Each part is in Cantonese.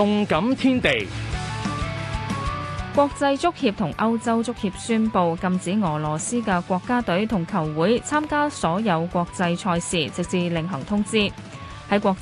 動感天地。國際足協同歐洲足協宣布，禁止俄羅斯嘅國家隊同球會參加所有國際賽事，直至另行通知。喺國際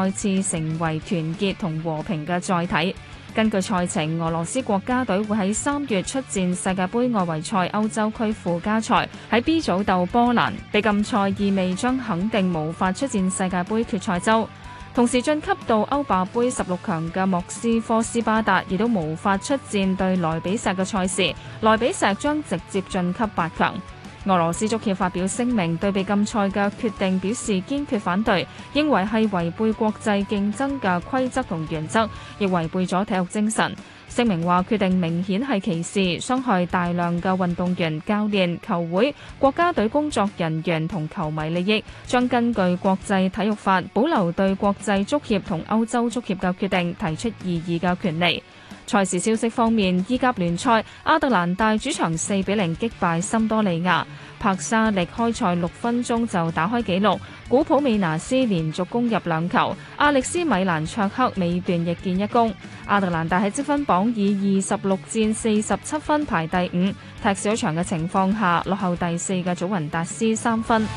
再次成為團結同和，和平嘅載體。根據賽程，俄羅斯國家隊會喺三月出戰世界盃外圍賽歐洲區附加賽，喺 B 組鬥波蘭。被禁賽意味將肯定無法出戰世界盃決賽周。同時晉級到歐霸杯十六強嘅莫斯科斯巴達亦都無法出戰對萊比錫嘅賽事，萊比錫將直接晉級八強。俄羅斯足協發表聲明，對被禁賽嘅決定表示堅決反對，認為係違背國際競爭嘅規則同原則，亦違背咗體育精神。聲明話決定明顯係歧視，傷害大量嘅運動員、教練、球會、國家隊工作人員同球迷利益，將根據國際體育法，保留對國際足協同歐洲足協嘅決定，提出異議嘅權利。賽事消息方面，意甲聯賽，阿特蘭大主場四比零擊敗森多利亞，帕沙力開賽六分鐘就打開紀錄，古普美拿斯連續攻入兩球，阿力斯米蘭卓克尾段亦見一攻。阿特蘭大喺積分榜以二十六戰四十七分排第五，踢少場嘅情況下落後第四嘅祖雲達斯三分。